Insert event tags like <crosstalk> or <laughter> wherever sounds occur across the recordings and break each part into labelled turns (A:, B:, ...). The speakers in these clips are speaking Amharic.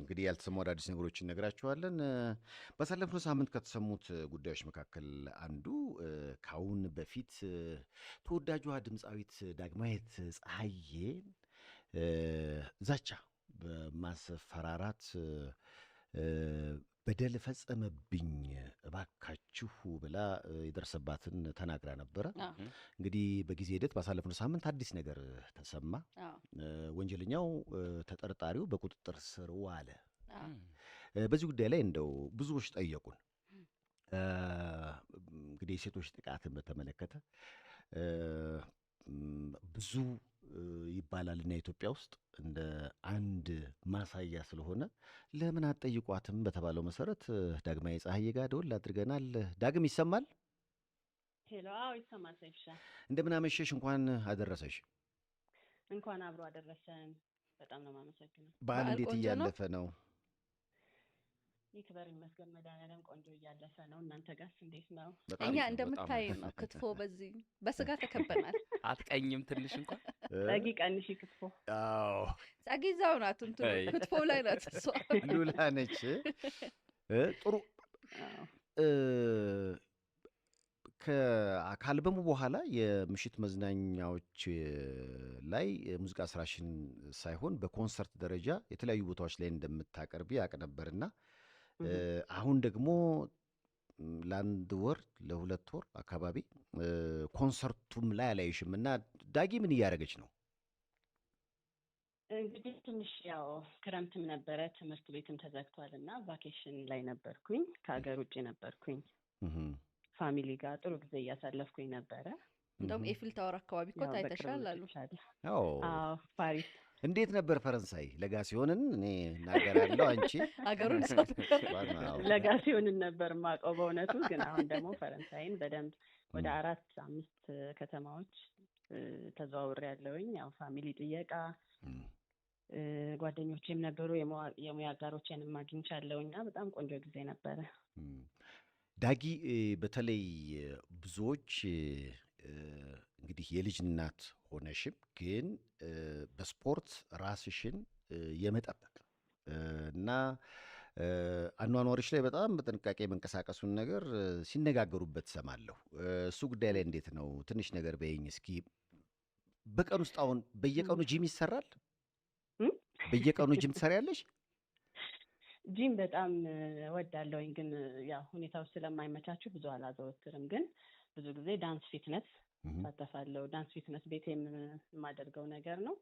A: እንግዲህ ያልተሰሙ አዳዲስ ነገሮች እነግራችኋለን። ባሳለፍነው ሳምንት ከተሰሙት ጉዳዮች መካከል አንዱ ካሁን በፊት ተወዳጇ ድምፃዊት ዳግማዊት ፀሐዬ ዛቻ በማስፈራራት በደል ፈጸመብኝ እባካችሁ ብላ የደረሰባትን ተናግራ ነበረ። እንግዲህ በጊዜ ሂደት ባሳለፍነው ሳምንት አዲስ ነገር ተሰማ። ወንጀለኛው ተጠርጣሪው በቁጥጥር ስር ዋለ። በዚህ ጉዳይ ላይ እንደው ብዙዎች ጠየቁን። እንግዲህ የሴቶች ጥቃትን በተመለከተ ብዙ ይባላል እና ኢትዮጵያ ውስጥ እንደ አንድ ማሳያ ስለሆነ ለምን አትጠይቋትም በተባለው መሰረት ዳግማዊ ፀሐዬ ጋር ደወል አድርገናል። ዳግም ይሰማል?
B: ሄሎ፣ አዎ ይሰማል። ሰይፍሻ
A: እንደምን አመሸሽ? እንኳን አደረሰሽ።
B: እንኳን አብሮ አደረሰን። በጣም ነው የማመሰግነው።
A: በዓል እንዴት እያለፈ ነው?
B: ይክበር ይመስገን መድኃኒዓለም ቆንጆ እያለፈ ነው። እናንተ ጋስ እንዴት ነው?
C: እኛ እንደምታይ ነው። ክትፎ በዚህ በስጋ ተከበናል። <laughs>
D: አትቀኝም ትንሽ እንኳን
B: ጸጊ ቀንሽ ክትፎ አዎ፣
C: ጸጊ እዛው ናት፣ እንትኑ ክትፎ ላይ ናት። እሷ
A: <laughs> ሉላ ነች። ጥሩ ከአልበሙ በኋላ የምሽት መዝናኛዎች ላይ ሙዚቃ ስራሽን ሳይሆን በኮንሰርት ደረጃ የተለያዩ ቦታዎች ላይ እንደምታቀርቢ ያቅ ነበርና አሁን ደግሞ ለአንድ ወር ለሁለት ወር አካባቢ ኮንሰርቱም ላይ አላይሽም እና ዳጊ ምን እያደረገች ነው?
B: እንግዲህ ትንሽ ያው ክረምትም ነበረ ትምህርት ቤትም ተዘግቷል እና ቫኬሽን ላይ ነበርኩኝ። ከሀገር ውጭ ነበርኩኝ። ፋሚሊ ጋር ጥሩ ጊዜ እያሳለፍኩኝ ነበረ።
C: እንደውም ኤፍል ታወር አካባቢ እኮ ታይተሻል አሉ።
A: አዎ ፓሪስ እንዴት ነበር ፈረንሳይ? ለጋሲዮንን እኔ እናገራለሁ። አንቺ <laughs>
C: አገሩን <laughs> <laughs>
B: ለጋሲዮንን ነበር ማቀው በእውነቱ ግን አሁን ደግሞ ፈረንሳይን በደንብ ወደ አራት አምስት ከተማዎች ተዘዋውሬ ያለውኝ ያው ፋሚሊ ጥየቃ ጓደኞቼም ነበሩ፣ የሙያ አጋሮቼንም አግኝቻለሁ እና በጣም ቆንጆ ጊዜ ነበረ።
A: ዳጊ በተለይ ብዙዎች እንግዲህ የልጅ እናት ሆነሽም ግን በስፖርት ራስሽን የመጠበቅ እና አኗኗሪች ላይ በጣም በጥንቃቄ መንቀሳቀሱን ነገር ሲነጋገሩበት ሰማለሁ። እሱ ጉዳይ ላይ እንዴት ነው? ትንሽ ነገር በይኝ እስኪ። በቀን ውስጥ አሁን በየቀኑ ጂም ይሰራል? በየቀኑ ጂም ትሰሪያለሽ?
B: ጂም በጣም ወዳለውኝ፣ ግን ያው ሁኔታዎች ስለማይመቻችሁ ብዙ አላዘወትርም። ግን ብዙ ጊዜ ዳንስ ፊትነስ እሳተፋለሁ። ዳንስ ፊትነስ ቤት የማደርገው ነገር ነው።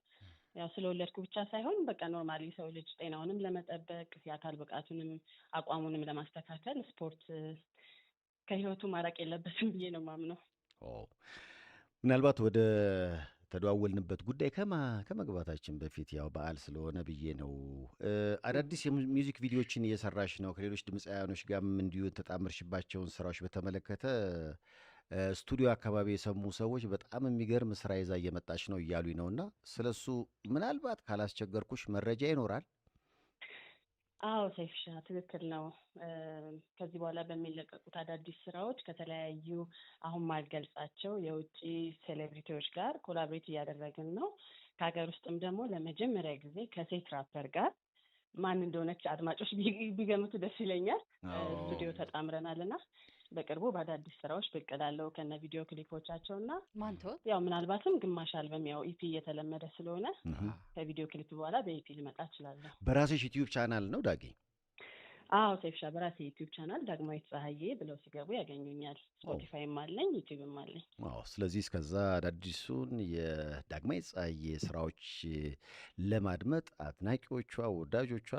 B: ያው ስለወለድኩ ብቻ ሳይሆን በቃ ኖርማሊ ሰው ልጅ ጤናውንም ለመጠበቅ የአካል ብቃቱንም አቋሙንም ለማስተካከል ስፖርት ከህይወቱ ማራቅ የለበትም ብዬ ነው ማምነው።
A: ምናልባት ወደ ተደዋወልንበት ጉዳይ ከመግባታችን በፊት ያው በዓል ስለሆነ ብዬ ነው። አዳዲስ የሚዚክ ቪዲዮዎችን እየሰራሽ ነው። ከሌሎች ድምፃውያኖች ጋርም እንዲሁ ተጣምርሽባቸውን ስራዎች በተመለከተ ስቱዲዮ አካባቢ የሰሙ ሰዎች በጣም የሚገርም ስራ ይዛ እየመጣች ነው እያሉኝ ነው። እና ስለ እሱ ምናልባት ካላስቸገርኩሽ መረጃ ይኖራል?
B: አዎ ሰይፍሻ፣ ትክክል ነው። ከዚህ በኋላ በሚለቀቁት አዳዲስ ስራዎች ከተለያዩ አሁን ማልገልጻቸው የውጭ ሴሌብሪቲዎች ጋር ኮላብሬት እያደረግን ነው። ከሀገር ውስጥም ደግሞ ለመጀመሪያ ጊዜ ከሴት ራፐር ጋር ማን እንደሆነች አድማጮች ቢገምቱ ደስ ይለኛል። ስቱዲዮ ተጣምረናል እና በቅርቡ በአዳዲስ ስራዎች ብቅ እላለሁ ከነ ቪዲዮ ክሊፖቻቸው እና ያው ምናልባትም ግማሽ አልበም ያው ኢፒ እየተለመደ ስለሆነ ከቪዲዮ ክሊፕ በኋላ በኢፒ ልመጣ እችላለሁ።
A: በራሴሽ ዩቲዩብ ቻናል ነው ዳጊ?
B: አዎ ሴፍሻ በራሴ ዩቲዩብ ቻናል ዳግማዊት ፀሐዬ ብለው ሲገቡ ያገኙኛል። ስፖቲፋይም አለኝ፣ ዩቲዩብም አለኝ።
A: አዎ ስለዚህ እስከዛ አዳዲሱን የዳግማዊት ፀሐዬ ስራዎች ለማድመጥ አድናቂዎቿ፣ ወዳጆቿ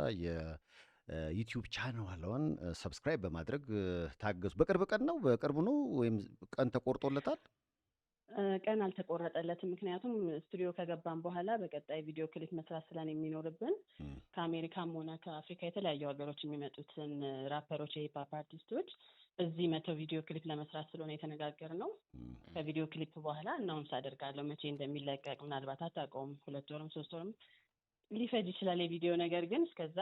A: ዩቲዩብ ቻናሏን ሰብስክራይብ በማድረግ ታገዙ። በቅርብ ቀን ነው በቅርቡ ነው ወይም ቀን ተቆርጦለታል?
B: ቀን አልተቆረጠለትም። ምክንያቱም ስቱዲዮ ከገባን በኋላ በቀጣይ ቪዲዮ ክሊፕ መስራት ስለን የሚኖርብን ከአሜሪካም ሆነ ከአፍሪካ የተለያዩ ሀገሮች የሚመጡትን ራፐሮች፣ የሂፓፕ አርቲስቶች እዚህ መተው ቪዲዮ ክሊፕ ለመስራት ስለሆነ ነው። ከቪዲዮ ክሊፕ በኋላ እናውንስ አደርጋለሁ መቼ እንደሚለቀቅ ምናልባት አታውቀውም። ሁለት ወርም ሶስት ወርም ሊፈጅ ይችላል የቪዲዮ ነገር ግን እስከዛ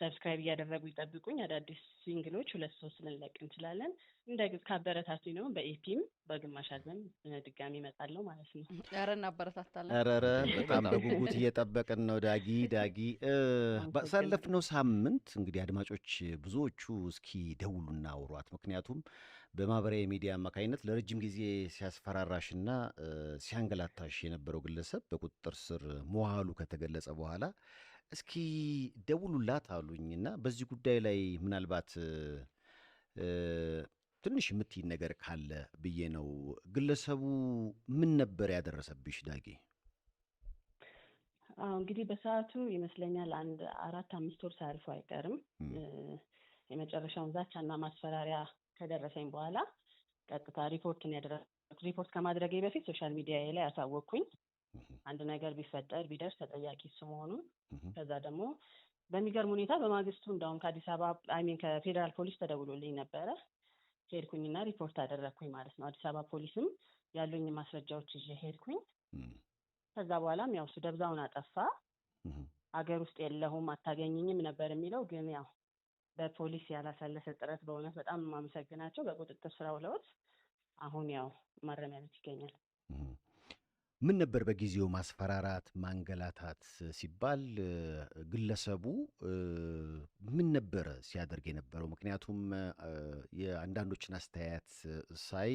B: ሰብስክራይብ እያደረጉ ይጠብቁኝ። አዳዲስ ሲንግሎች ሁለት ሶስት ልንለቅ እንችላለን። እንደ ካበረታቱኝ ደግሞ በኤፒም በግማሽ አልበም ድጋሚ እመጣለሁ ማለት ነው።
C: ኧረ እናበረታታለን።
A: ኧረ በጣም በጉጉት እየጠበቅን ነው። ዳጊ ዳጊ ባሳለፍነው ሳምንት እንግዲህ አድማጮች ብዙዎቹ እስኪ ደውሉና አውሯት። ምክንያቱም በማህበራዊ ሚዲያ አማካኝነት ለረጅም ጊዜ ሲያስፈራራሽና ሲያንገላታሽ የነበረው ግለሰብ በቁጥጥር ስር መዋሉ ከተገለጸ በኋላ እስኪ ደውሉላት አሉኝና በዚህ ጉዳይ ላይ ምናልባት ትንሽ የምትይ ነገር ካለ ብዬ ነው። ግለሰቡ ምን ነበር ያደረሰብሽ ዳጌ?
B: አሁ እንግዲህ በሰዓቱ ይመስለኛል አንድ አራት አምስት ወር ሳያልፉ አይቀርም የመጨረሻውን ዛቻና ማስፈራሪያ ከደረሰኝ በኋላ ቀጥታ ሪፖርትን ያደረ ሪፖርት ከማድረጌ በፊት ሶሻል ሚዲያ ላይ አሳወቅኩኝ። አንድ ነገር ቢፈጠር ቢደርስ ተጠያቂ እሱ መሆኑን ከዛ ደግሞ በሚገርም ሁኔታ በማግስቱ እንደውም ከአዲስ አበባ አይሚን ከፌዴራል ፖሊስ ተደውሎልኝ ነበረ። ሄድኩኝና ሪፖርት አደረግኩኝ ማለት ነው። አዲስ አበባ ፖሊስም ያሉኝ ማስረጃዎች እ ሄድኩኝ። ከዛ በኋላም ያው እሱ ደብዛውን አጠፋ። አገር ውስጥ የለሁም አታገኝኝም ነበር የሚለው ግን ያው በፖሊስ ያላሳለሰ ጥረት በእውነት በጣም የማመሰግናቸው በቁጥጥር ስራ ውለውት አሁን ያው ማረሚያ ቤት ይገኛል።
A: ምን ነበር በጊዜው ማስፈራራት፣ ማንገላታት ሲባል ግለሰቡ ምን ነበረ ሲያደርግ የነበረው? ምክንያቱም የአንዳንዶችን አስተያየት ሳይ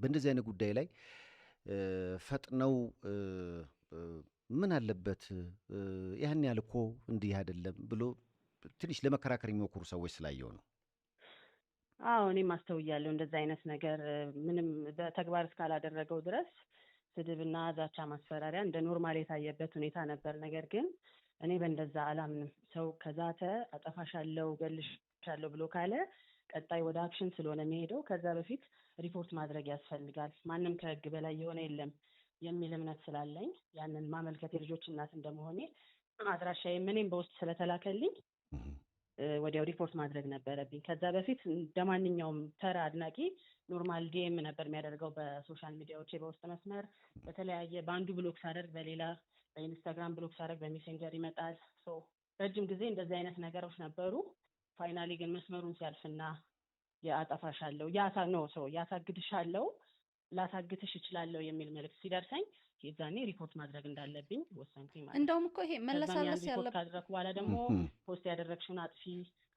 A: በእንደዚህ አይነት ጉዳይ ላይ ፈጥነው ምን አለበት ያን ያህል እኮ እንዲህ አይደለም ብሎ ትንሽ ለመከራከር የሚሞክሩ ሰዎች ስላየው ነው።
B: አዎ እኔም አስተውያለሁ። እንደዚ አይነት ነገር ምንም በተግባር እስካላደረገው ድረስ ስድብና ዛቻ ማስፈራሪያ እንደ ኖርማል የታየበት ሁኔታ ነበር። ነገር ግን እኔ በእንደዛ አላምንም። ሰው ከዛተ አጠፋሻለሁ፣ እገልሻለሁ ብሎ ካለ ቀጣይ ወደ አክሽን ስለሆነ የሚሄደው ከዛ በፊት ሪፖርት ማድረግ ያስፈልጋል። ማንም ከህግ በላይ የሆነ የለም የሚል እምነት ስላለኝ ያንን ማመልከት የልጆች እናት እንደመሆኔ አድራሻዬም እኔም በውስጥ ስለተላከልኝ ወዲያው ሪፖርት ማድረግ ነበረብኝ። ከዛ በፊት እንደ ማንኛውም ተራ አድናቂ ኖርማል ዲኤም ነበር የሚያደርገው በሶሻል ሚዲያዎች፣ በውስጥ መስመር፣ በተለያየ በአንዱ ብሎክ ሳደርግ በሌላ በኢንስታግራም ብሎክ ሳደርግ በሜሴንጀር ይመጣል። ረጅም ጊዜ እንደዚህ አይነት ነገሮች ነበሩ። ፋይናሊ ግን መስመሩን ሲያልፍና የአጠፋሻለው ያሳ ነው ሰው ያሳግድሻለው ላሳግትሽ እችላለሁ የሚል መልዕክት ሲደርሰኝ የዛኔ ሪፖርት ማድረግ እንዳለብኝ
C: ወሰንኩኝ። ማለት እንደውም እኮ ይሄ
B: መለሳለስ ያለ ካደረኩ በኋላ ደግሞ ፖስት ያደረግሽውን አጥፊ፣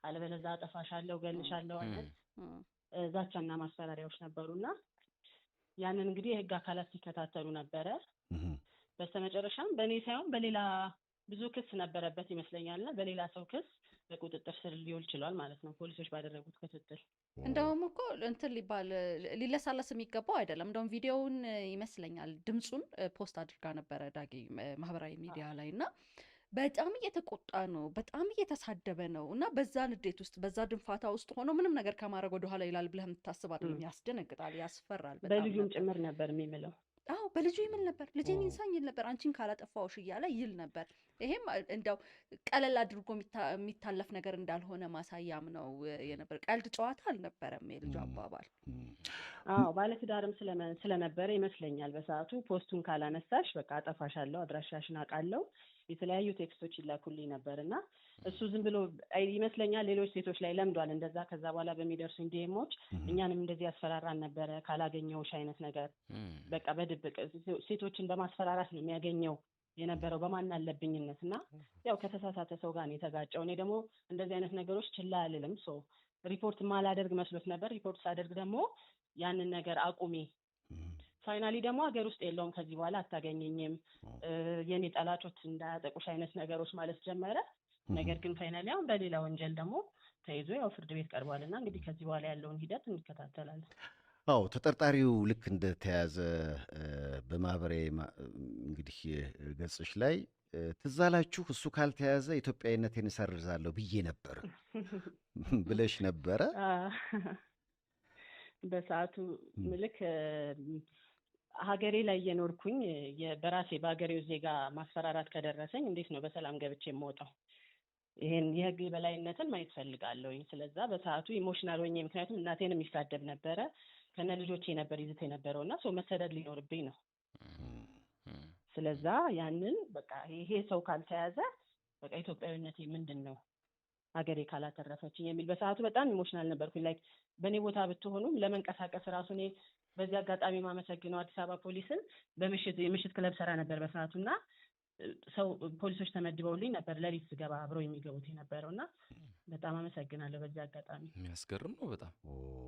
B: አለበለዛ አጠፋሻለሁ፣ ገልሻለሁ አይነት ዛቻና ማስፈራሪያዎች ነበሩና ያንን እንግዲህ የህግ አካላት ሲከታተሉ ነበረ። በስተመጨረሻም በእኔ ሳይሆን በሌላ ብዙ ክስ ነበረበት ይመስለኛል ይመስለኛልና በሌላ ሰው ክስ ቁጥጥር ስር ሊውል ችሏል ማለት ነው። ፖሊሶች ባደረጉት ክትትል
C: እንደውም እኮ እንትን ሊባል ሊለሳለስ የሚገባው አይደለም። እንደውም ቪዲዮውን ይመስለኛል ድምፁን ፖስት አድርጋ ነበረ ዳጊ ማህበራዊ ሚዲያ ላይ እና በጣም እየተቆጣ ነው፣ በጣም እየተሳደበ ነው እና በዛ ንዴት ውስጥ በዛ ድንፋታ ውስጥ ሆኖ ምንም ነገር ከማድረግ ወደኋላ ይላል ብለህ የምታስብ ያስደነግጣል፣ ያስፈራል።
B: በልጁም ጭምር ነበር የሚምለው
C: አዎ በልጁ ይምል ነበር፣ ልጄን ይንሳኝ ይል ነበር፣ አንቺን ካላጠፋውሽ እያለ ይል ነበር። ይሄም እንደው ቀለል አድርጎ የሚታለፍ ነገር እንዳልሆነ ማሳያም ነው የነበር። ቀልድ ጨዋታ አልነበረም የልጁ አባባል።
B: አዎ ባለትዳርም ስለነበረ ይመስለኛል በሰዓቱ ፖስቱን ካላነሳሽ በቃ አጠፋሻለሁ፣ አድራሻሽን አውቃለሁ የተለያዩ ቴክስቶች ይላኩልኝ ነበር እና እሱ ዝም ብሎ ይመስለኛል ሌሎች ሴቶች ላይ ለምዷል እንደዛ። ከዛ በኋላ በሚደርሱ ዲኤሞች እኛንም እንደዚህ ያስፈራራን ነበረ፣ ካላገኘውሽ አይነት ነገር በቃ በድብቅ ሴቶችን በማስፈራራት ነው የሚያገኘው የነበረው በማን አለብኝነት እና ያው ከተሳሳተ ሰው ጋር የተጋጨው። እኔ ደግሞ እንደዚህ አይነት ነገሮች ችላ አልልም። ሶ ሪፖርት ማላደርግ መስሎት ነበር። ሪፖርት ሳደርግ ደግሞ ያንን ነገር አቁሜ። ፋይናሊ ደግሞ ሀገር ውስጥ የለውም ከዚህ በኋላ አታገኘኝም፣ የኔ ጠላቶች እንዳያጠቁሽ አይነት ነገሮች ማለት ጀመረ። ነገር ግን ፋይናሊ አሁን በሌላ ወንጀል ደግሞ ተይዞ ያው ፍርድ ቤት ቀርቧል እና እንግዲህ ከዚህ በኋላ ያለውን ሂደት እንከታተላለን።
A: አዎ ተጠርጣሪው ልክ እንደተያዘ በማህበሬ እንግዲህ ገጾች ላይ ትዛላችሁ እሱ ካልተያዘ ኢትዮጵያዊነቴን እሰርዛለሁ ብዬ ነበር <laughs> ብለሽ ነበረ
B: በሰዓቱ ምልክ ሀገሬ ላይ የኖርኩኝ በራሴ በሀገሬው ዜጋ ማስፈራራት ከደረሰኝ እንዴት ነው በሰላም ገብቼ የምወጣው? ይሄን የህግ የበላይነትን ማየት ፈልጋለሁኝ። ስለዛ በሰዓቱ ኢሞሽናል ሆኜ ምክንያቱም እናቴንም ይሳደብ ነበረ ከነ ልጆቼ ነበር ይዝት የነበረው እና ሰው መሰደድ ሊኖርብኝ ነው። ስለዛ ያንን በቃ ይሄ ሰው ካልተያዘ በቃ ኢትዮጵያዊነቴ ምንድን ነው ሀገሬ ካላተረፈችኝ የሚል በሰዓቱ በጣም ኢሞሽናል ነበርኩኝ። ላይክ በእኔ ቦታ ብትሆኑም ለመንቀሳቀስ ራሱ እኔ በዚህ አጋጣሚ ማመሰግነው አዲስ አበባ ፖሊስን በምሽት የምሽት ክለብ ሰራ ነበር በሰዓቱ እና ሰው ፖሊሶች ተመድበውልኝ ነበር ለሊት ስገባ አብረው የሚገቡት የነበረው እና በጣም አመሰግናለሁ። በዚህ አጋጣሚ
A: የሚያስገርም ነው በጣም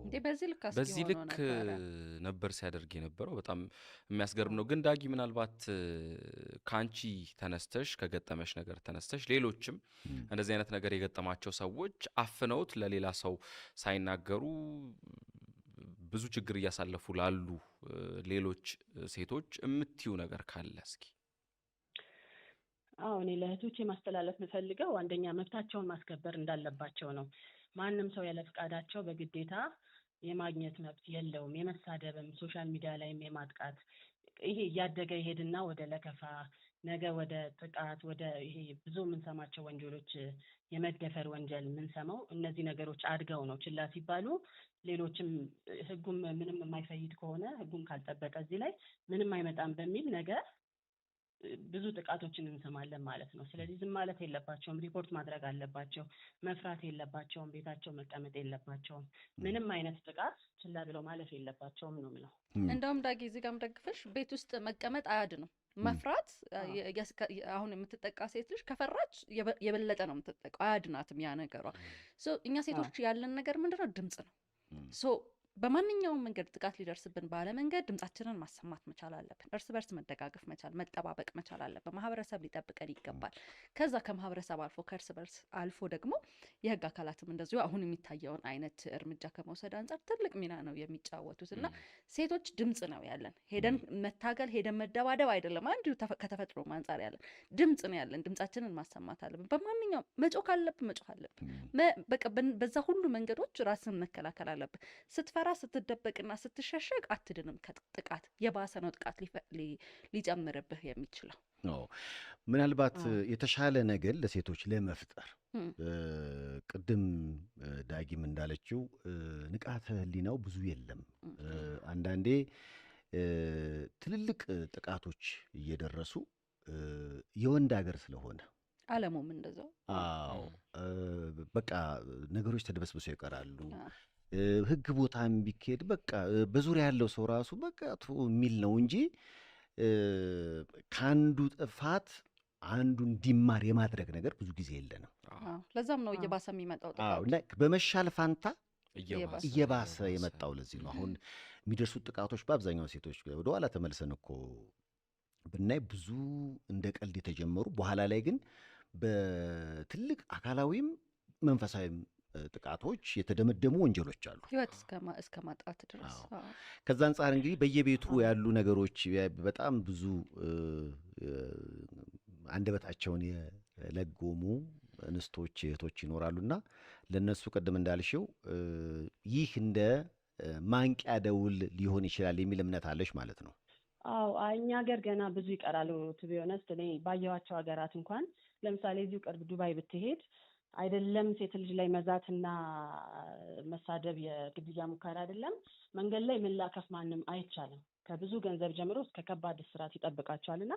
A: እንዴ። በዚህ ልክ በዚህ ልክ ነበር ሲያደርግ የነበረው በጣም የሚያስገርም ነው። ግን ዳጊ፣ ምናልባት ከአንቺ ተነስተሽ ከገጠመሽ ነገር ተነስተሽ ሌሎችም እንደዚህ አይነት ነገር የገጠማቸው ሰዎች አፍነውት ለሌላ ሰው ሳይናገሩ ብዙ ችግር እያሳለፉ ላሉ ሌሎች ሴቶች የምትዩ ነገር ካለ እስኪ።
B: አዎ እኔ ለእህቶች ማስተላለፍ የምፈልገው አንደኛ መብታቸውን ማስከበር እንዳለባቸው ነው። ማንም ሰው ያለፍቃዳቸው በግዴታ የማግኘት መብት የለውም። የመሳደብም ሶሻል ሚዲያ ላይም የማጥቃት ይሄ እያደገ ይሄድና ወደ ለከፋ ነገ ወደ ጥቃት ወደ ይሄ ብዙ የምንሰማቸው ወንጀሎች የመደፈር ወንጀል የምንሰማው እነዚህ ነገሮች አድገው ነው ችላ ሲባሉ። ሌሎችም ህጉም ምንም የማይፈይድ ከሆነ ህጉም ካልጠበቀ እዚህ ላይ ምንም አይመጣም በሚል ነገ ብዙ ጥቃቶችን እንሰማለን ማለት ነው። ስለዚህ ዝም ማለት የለባቸውም፣ ሪፖርት ማድረግ አለባቸው። መፍራት የለባቸውም፣ ቤታቸው መቀመጥ የለባቸውም። ምንም አይነት ጥቃት ችላ ብለው ማለፍ የለባቸውም ነው ምለው።
C: እንደውም ዳጊ እዚህ ጋር ምደግፍሽ፣ ቤት ውስጥ መቀመጥ አያድንም። መፍራት አሁን የምትጠቃ ሴት ልጅ ከፈራች የበለጠ ነው የምትጠቃው፣ አያድናትም ያ ነገሯ። እኛ ሴቶች ያለን ነገር ምንድነው? ድምፅ ነው በማንኛውም መንገድ ጥቃት ሊደርስብን ባለ መንገድ ድምጻችንን ማሰማት መቻል አለብን። እርስ በርስ መደጋገፍ መቻል፣ መጠባበቅ መቻል አለብን። ማህበረሰብ ሊጠብቀን ይገባል። ከዛ ከማህበረሰብ አልፎ ከእርስ በርስ አልፎ ደግሞ የህግ አካላትም እንደዚሁ አሁን የሚታየውን አይነት እርምጃ ከመውሰድ አንጻር ትልቅ ሚና ነው የሚጫወቱት እና ሴቶች ድምፅ ነው ያለን። ሄደን መታገል ሄደን መደባደብ አይደለም። አንዱ ከተፈጥሮ አንጻር ያለን ድምፅ ነው ያለን። ድምጻችንን ማሰማት አለብን። በማንኛውም መጮህ ካለብን መጮህ አለብን። በዛ ሁሉ መንገዶች ራስን መከላከል አለብን። ስትፈ ስትፈራ ስትደበቅና ስትሸሸግ አትድንም ከጥቃት የባሰ ነው ጥቃት ሊጨምርብህ የሚችለው
A: ምናልባት የተሻለ ነገር ለሴቶች ለመፍጠር ቅድም ዳጊም እንዳለችው ንቃተ ህሊናው ብዙ የለም አንዳንዴ ትልልቅ ጥቃቶች እየደረሱ የወንድ ሀገር ስለሆነ
C: አለሙም እንደዛው
A: አዎ በቃ ነገሮች ተደበስብሰው ይቀራሉ ህግ ቦታ ቢካሄድ በቃ በዙሪያ ያለው ሰው ራሱ በቃ የሚል ነው እንጂ ከአንዱ ጥፋት አንዱ እንዲማር የማድረግ ነገር ብዙ ጊዜ የለንም።
C: ለዛም ነው እየባሰ የሚመጣው
A: በመሻል ፋንታ እየባሰ የመጣው ለዚህ ነው። አሁን የሚደርሱት ጥቃቶች በአብዛኛው ሴቶች ወደኋላ ተመልሰን እኮ ብናይ ብዙ እንደ ቀልድ የተጀመሩ በኋላ ላይ ግን በትልቅ አካላዊም መንፈሳዊም ጥቃቶች የተደመደሙ ወንጀሎች አሉ፣
C: ህይወት እስከ ማጣት ድረስ።
A: ከዛ አንጻር እንግዲህ በየቤቱ ያሉ ነገሮች በጣም ብዙ አንደበታቸውን የለጎሙ እንስቶች እህቶች ይኖራሉና ለእነሱ ቅድም እንዳልሽው ይህ እንደ ማንቂያ ደውል ሊሆን ይችላል የሚል እምነት አለሽ ማለት ነው?
B: አዎ እኛ ሀገር ገና ብዙ ይቀራሉ። ቱ እኔ ባየኋቸው ሀገራት እንኳን ለምሳሌ እዚሁ ቅርብ ዱባይ ብትሄድ አይደለም ሴት ልጅ ላይ መዛትና መሳደብ የግድያ ሙከራ አይደለም። መንገድ ላይ መላከፍ ማንም አይቻልም። ከብዙ ገንዘብ ጀምሮ እስከ ከባድ እስራት ይጠብቃቸዋል እና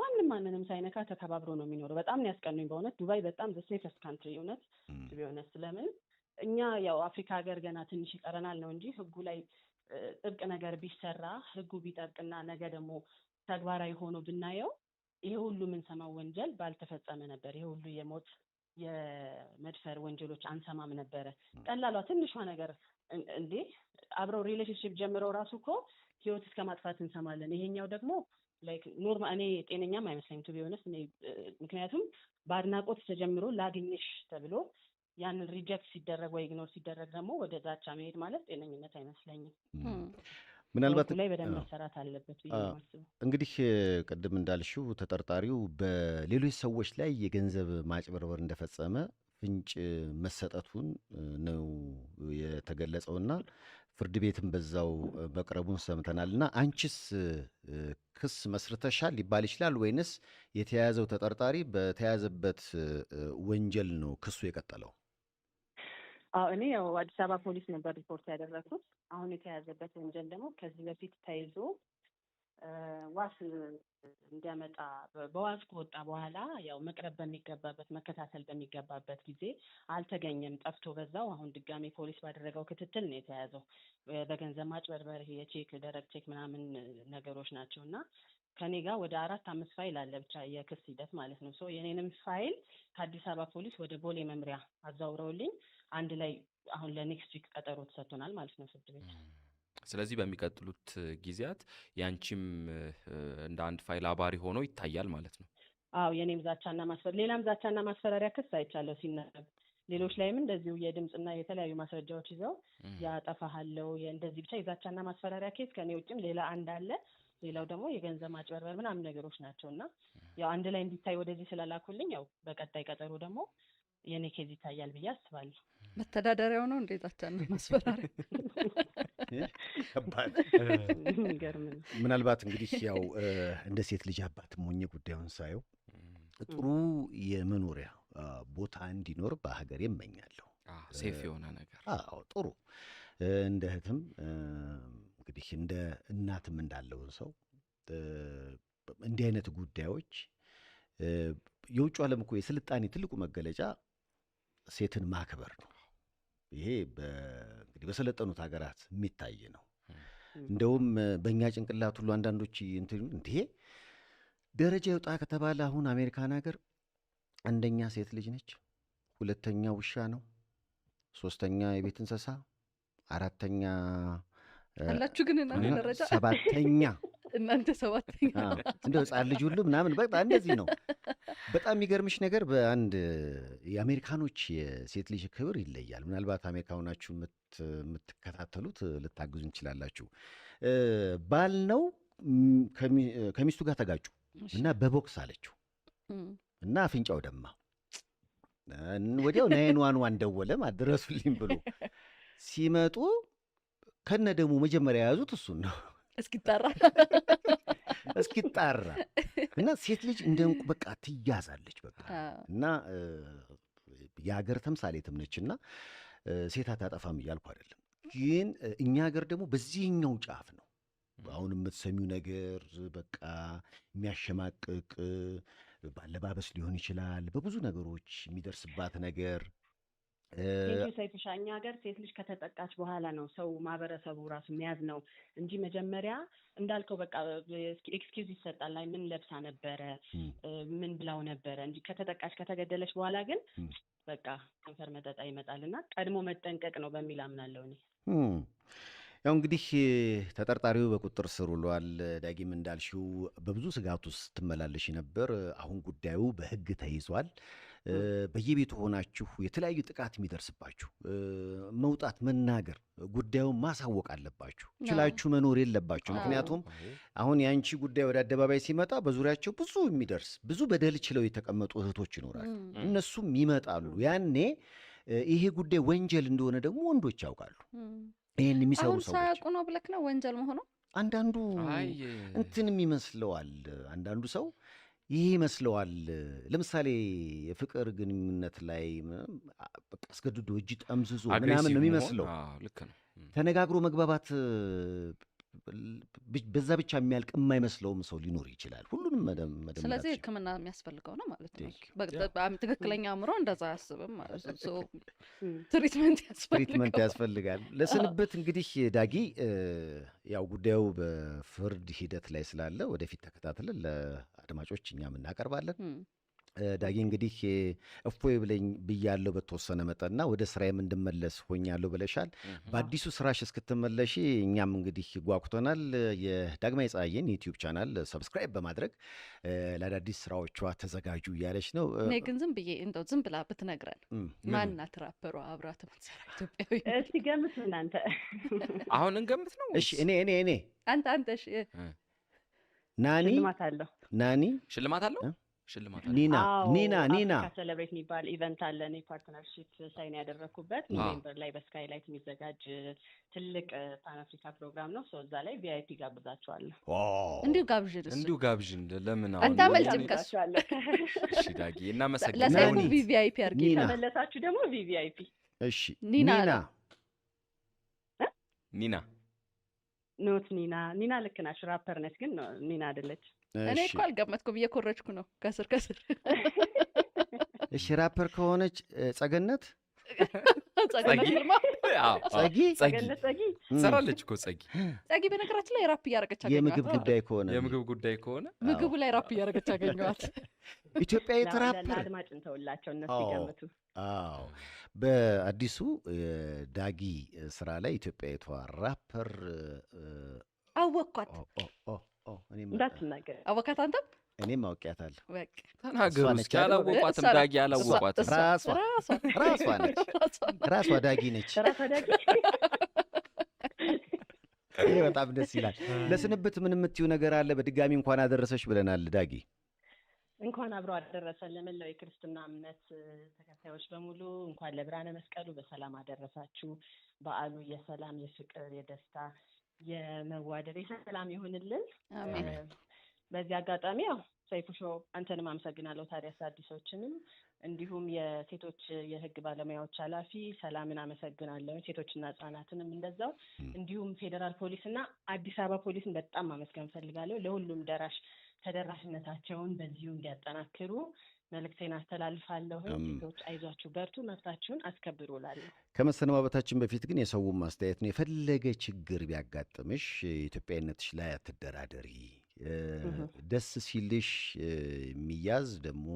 B: ማንም ማንንም ሳይነካ ተከባብሮ ነው የሚኖረው። በጣም ያስቀኑኝ በእውነት ዱባይ በጣም ዘ ካንትሪ እውነት ቢሆነ ስለምን እኛ ያው አፍሪካ ሀገር ገና ትንሽ ይቀረናል ነው እንጂ ህጉ ላይ ጥብቅ ነገር ቢሰራ ህጉ ቢጠብቅና ነገ ደግሞ ተግባራዊ ሆኖ ብናየው ይሄ ሁሉ የምንሰማው ወንጀል ባልተፈጸመ ነበር። ይሄ ሁሉ የሞት የመድፈር ወንጀሎች አንሰማም ነበረ። ቀላሏ ትንሿ ነገር እንዴ አብረው ሪሌሽንሽፕ ጀምረው ራሱ እኮ ህይወት እስከ ማጥፋት እንሰማለን። ይሄኛው ደግሞ ላይክ ኖርማ እኔ ጤነኛም አይመስለኝም ቱ ቢሆነስ። ምክንያቱም በአድናቆት ተጀምሮ ላግኝሽ ተብሎ ያንን ሪጀክት ሲደረግ ወይ ኢግኖር ሲደረግ ደግሞ ወደ ዛቻ መሄድ ማለት ጤነኝነት አይመስለኝም። ምናልባት ላይ በደንብ መሰራት አለበት ብዬ
A: እንግዲህ ቅድም እንዳልሽው ተጠርጣሪው በሌሎች ሰዎች ላይ የገንዘብ ማጭበርበር እንደፈጸመ ፍንጭ መሰጠቱን ነው የተገለጸውና ፍርድ ቤትም በዛው መቅረቡን ሰምተናልና አንቺስ ክስ መስርተሻል ሊባል ይችላል ወይንስ የተያያዘው ተጠርጣሪ በተያዘበት ወንጀል ነው ክሱ የቀጠለው?
B: እኔ ያው አዲስ አበባ ፖሊስ ነበር ሪፖርት ያደረግኩት። አሁን የተያዘበት ወንጀል ደግሞ ከዚህ በፊት ተይዞ ዋስ እንዲያመጣ በዋስ ከወጣ በኋላ ያው መቅረብ በሚገባበት መከታተል በሚገባበት ጊዜ አልተገኘም፣ ጠፍቶ በዛው አሁን ድጋሜ ፖሊስ ባደረገው ክትትል ነው የተያዘው። በገንዘብ ማጭበርበር፣ የቼክ ደረቅ ቼክ ምናምን ነገሮች ናቸው እና ከኔ ጋር ወደ አራት አምስት ፋይል አለ ብቻ የክስ ሂደት ማለት ነው። ሰው የኔንም ፋይል ከአዲስ አበባ ፖሊስ ወደ ቦሌ መምሪያ አዛውረውልኝ አንድ ላይ አሁን ለኔክስት ዊክ ቀጠሮ ተሰጥቶናል ማለት ነው ፍርድ ቤት።
A: ስለዚህ በሚቀጥሉት ጊዜያት ያንቺም እንደ አንድ ፋይል አባሪ ሆኖ ይታያል ማለት ነው።
B: አው የኔም ዛቻና ማስፈር ሌላም ዛቻና ማስፈራሪያ ክስ አይቻለሁ ሲነብ ሌሎች ላይም እንደዚሁ የድምፅና የተለያዩ ማስረጃዎች ይዘው ያጠፋሃለው እንደዚህ ብቻ የዛቻና ማስፈራሪያ ኬስ ከኔ ውጭም ሌላ አንድ አለ። ሌላው ደግሞ የገንዘብ ማጭበርበር ምናምን ነገሮች ናቸው እና ያው አንድ ላይ እንዲታይ ወደዚህ ስላላኩልኝ ያው በቀጣይ ቀጠሮ ደግሞ የኔ ኬዝ ይታያል ብዬ አስባለሁ።
C: መተዳደሪያው ነው እንዴ? <laughs> ነው ማስፈራሪያ
A: ምናልባት እንግዲህ ያው እንደ ሴት ልጅ አባት ሞኝ ጉዳዩን ሳየው ጥሩ የመኖሪያ ቦታ እንዲኖር በሀገር እመኛለሁ።
D: ሴፍ የሆነ ነገር።
A: አዎ ጥሩ። እንደ እህትም እንግዲህ እንደ እናትም እንዳለውን ሰው እንዲህ አይነት ጉዳዮች የውጭ ዓለም እኮ የስልጣኔ ትልቁ መገለጫ ሴትን ማክበር ነው። ይሄ እንግዲህ በሰለጠኑት ሀገራት የሚታይ ነው። እንደውም በእኛ ጭንቅላት ሁሉ አንዳንዶች እንዲሄ ደረጃ ይውጣ ከተባለ አሁን አሜሪካን ሀገር አንደኛ ሴት ልጅ ነች፣ ሁለተኛ ውሻ ነው፣ ሶስተኛ የቤት እንስሳ፣ አራተኛ አላችሁ ግን ሰባተኛ
C: እናንተ ሰባተኛ
A: እንደ ህፃን ልጅ ሁሉ ምናምን በቃ እንደዚህ ነው። በጣም የሚገርምሽ ነገር በአንድ የአሜሪካኖች የሴት ልጅ ክብር ይለያል። ምናልባት አሜሪካ ሆናችሁ የምትከታተሉት ልታግዙ እንችላላችሁ። ባል ነው ከሚስቱ ጋር ተጋጩ እና በቦክስ አለችው እና አፍንጫው ደማ። ወዲያው ናይን ዋን ዋን ብሎ ሲመጡ ከነ ደሙ መጀመሪያ የያዙት እሱን ነው እስኪጣራ እስኪጣራ <laughs> እና ሴት ልጅ እንደ እንቁ በቃ ትያዛለች በቃ እና የሀገር ተምሳሌትም ነችና ሴት አታጠፋም እያልኩ አይደለም፣ ግን እኛ ሀገር ደግሞ በዚህኛው ጫፍ ነው። አሁን የምትሰሚው ነገር በቃ የሚያሸማቅቅ በአለባበስ ሊሆን ይችላል፣ በብዙ ነገሮች የሚደርስባት ነገር
B: ሰይፍሻ እኛ ሀገር ሴት ልጅ ከተጠቃች በኋላ ነው ሰው ማህበረሰቡ ራሱ መያዝ ነው እንጂ መጀመሪያ እንዳልከው በቃ ኤክስኪውዝ ይሰጣል። ላይ ምን ለብሳ ነበረ፣ ምን ብላው ነበረ እንጂ ከተጠቃች ከተገደለች በኋላ ግን በቃ ከንፈር መጠጣ ይመጣልና ቀድሞ መጠንቀቅ ነው በሚል አምናለው እኔ።
A: ያው እንግዲህ ተጠርጣሪው በቁጥር ስር ውሏል። ዳጊም እንዳልሽው በብዙ ስጋት ውስጥ ትመላለሽ ነበር። አሁን ጉዳዩ በህግ ተይዟል። በየቤቱ ሆናችሁ የተለያዩ ጥቃት የሚደርስባችሁ መውጣት፣ መናገር፣ ጉዳዩን ማሳወቅ አለባችሁ። ችላችሁ መኖር የለባችሁ። ምክንያቱም አሁን የአንቺ ጉዳይ ወደ አደባባይ ሲመጣ በዙሪያቸው ብዙ የሚደርስ ብዙ በደል ችለው የተቀመጡ እህቶች ይኖራሉ። እነሱም ይመጣሉ። ያኔ ይሄ ጉዳይ ወንጀል እንደሆነ ደግሞ ወንዶች ያውቃሉ። ይህን የሚሰሩ ሰዎች
C: ሳያውቁ ነው ብለክ ነው ወንጀል መሆኑ
A: አንዳንዱ እንትን የሚመስለዋል። አንዳንዱ ሰው ይህ ይመስለዋል። ለምሳሌ የፍቅር ግንኙነት ላይ አስገድዶ እጅ ጠምዝዞ
D: ምናምን ነው የሚመስለው።
A: ተነጋግሮ መግባባት በዛ ብቻ የሚያልቅ የማይመስለውም ሰው ሊኖር ይችላል። ሁሉንም መደመደ
C: ስለዚህ ሕክምና የሚያስፈልገው ነው ማለት ነው። ትክክለኛ አእምሮ እንደዛ አያስብም ማለት ነው። ትሪትመንት
A: <laughs> hmm. ያስፈልጋል። ለስንበት እንግዲህ ዳጊ፣ ያው ጉዳዩ በፍርድ ሂደት ላይ ስላለ ወደፊት ተከታትለን ለአድማጮች እኛም እናቀርባለን። hmm. ዳጊ እንግዲህ እፎይ ብለኝ ብያለሁ በተወሰነ መጠንና ወደ ስራዬም እንድመለስ ሆኛለሁ ብለሻል። በአዲሱ ስራሽ እስክትመለሺ እኛም እንግዲህ ጓጉተናል። የዳግማዊ ፀሐይን ዩቲዩብ ቻናል ሰብስክራይብ በማድረግ ለአዳዲስ ስራዎቿ ተዘጋጁ እያለች ነው።
C: እኔ ግን ዝም ብዬ እንደው ዝም ብላ ብትነግረን ማናት ራበሯ አብራት ምትሰራ ኢትዮጵያዊ?
B: እስቲ ገምት እናንተ።
A: <laughs> አሁን እንገምት ነው። እሺ እኔ እኔ እኔ አንተ አንተ ናኒ ናኒ
D: ሽልማት አለው ሽልማት
A: ኒና ኒና ኒና
B: ሴሌብሬት የሚባል ኢቨንት አለ አለን። የፓርትነርሺፕ ሳይን ያደረግኩበት ኖቬምበር ላይ በስካይ ላይት የሚዘጋጅ ትልቅ ፓን ፕሮግራም ነው። እዛ ላይ ቪይፒ ጋብዛቸዋለ
C: እንዲሁ ጋብዥን
A: እንዲሁ ጋብዥን።
C: ለምን አታመልጭም ከሱ ዳጊ። እናመሰግናለን። ለሰይፉ ቪቪአይፒ አድርጌ
B: ተመለሳችሁ ደግሞ ቪቪአይፒ።
A: እሺ ኒና
D: ኒና
B: ኖት ኒና ኒና ልክ ናችሁ። ራፐር ነች ግን ኒና አደለች
C: እኔ እኮ አልገመትኩም፣ እየኮረጅኩ ነው ከስር ከስር።
A: <laughs> እሺ ራፐር ከሆነች ጸገነት
C: <laughs>
D: ሰራለች እኮ ጸጊ
C: ጸጊ። በነገራችን ላይ ራፕ እያረገች
A: የምግብ ጉዳይ ከሆነ
D: የምግብ ጉዳይ ከሆነ
C: ምግቡ ላይ ራፕ እያረገች አገኘዋት።
A: ኢትዮጵያ የተራፕር አዎ በአዲሱ ዳጊ ስራ ላይ ኢትዮጵያዊቷ ራፐር
C: አወኳት አወካት አንተም
A: እኔም አውቄያታለሁ።
D: ተናገሩ እስኪ። አላወቋትም። ዳጊ አላወቋትም።
A: ራሷ ራሷ ነች። ራሷ ዳጊ ነች። በጣም ደስ ይላል። ለስንብት ምን የምትይው ነገር አለ? በድጋሚ እንኳን አደረሰች ብለናል። ዳጊ
B: እንኳን አብሮ አደረሰን። ለመላው የክርስትና እምነት ተከታዮች በሙሉ እንኳን ለብርሃነ መስቀሉ በሰላም አደረሳችሁ። በዓሉ የሰላም የፍቅር፣ የደስታ የመዋደድ የሰላም ይሁንልን። በዚህ አጋጣሚ ያው ሰይፉ አንተንም አመሰግናለሁ። ታዲያ አዲሶችንም እንዲሁም የሴቶች የህግ ባለሙያዎች ኃላፊ ሰላምን አመሰግናለሁ። ሴቶችና ህጻናትንም እንደዛው እንዲሁም ፌዴራል ፖሊስና አዲስ አበባ ፖሊስን በጣም ማመስገን ፈልጋለሁ። ለሁሉም ደራሽ ተደራሽነታቸውን በዚሁ እንዲያጠናክሩ መልእክቴን አስተላልፋለሁ። ሴቶች አይዟችሁ፣ በርቱ፣ መብታችሁን አስከብሩ እላለሁ።
A: ከመሰነባበታችን በፊት ግን የሰውን ማስተያየት ነው። የፈለገ ችግር ቢያጋጥምሽ የኢትዮጵያዊነትሽ ላይ አትደራደሪ። ደስ ሲልሽ የሚያዝ ደግሞ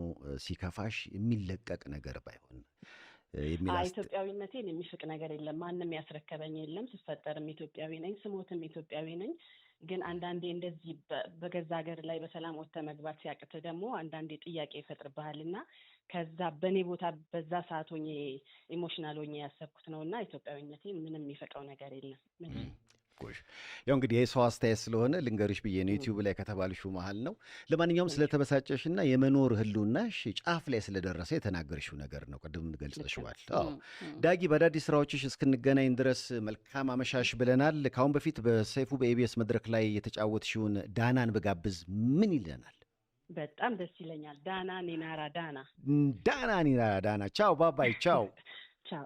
A: ሲከፋሽ የሚለቀቅ ነገር ባይሆን
B: የሚል ኢትዮጵያዊነቴን የሚፍቅ ነገር የለም። ማንም ያስረከበኝ የለም። ስፈጠርም ኢትዮጵያዊ ነኝ፣ ስሞትም ኢትዮጵያዊ ነኝ። ግን አንዳንዴ እንደዚህ በገዛ ሀገር ላይ በሰላም ወተ መግባት ሲያቅት ደግሞ አንዳንዴ ጥያቄ ይፈጥርብሃል እና ከዛ በእኔ ቦታ በዛ ሰዓት ሆኜ ኢሞሽናል ሆኜ ያሰብኩት ነው እና ኢትዮጵያዊነቴን ምንም የሚፈቀው ነገር የለም።
A: ጎሽ ያው እንግዲህ የሰው አስተያየት ስለሆነ ልንገርሽ ብዬ ነው። ዩቲዩብ ላይ ከተባልሹ መሀል ነው። ለማንኛውም ስለተበሳጨሽና የመኖር ህልውናሽ ጫፍ ላይ ስለደረሰ የተናገርሽው ነገር ነው። ቅድም ገልጸሽዋል። ዳጊ፣ በአዳዲስ ስራዎችሽ እስክንገናኝ ድረስ መልካም አመሻሽ ብለናል። ከአሁን በፊት በሰይፉ በኤቢኤስ መድረክ ላይ የተጫወትሽውን ዳናን በጋብዝ ምን ይለናል?
B: በጣም ደስ ይለኛል። ዳና ኒናራ ዳና
A: ዳና ኒናራ ዳና ቻው ባባይ ቻው <laughs>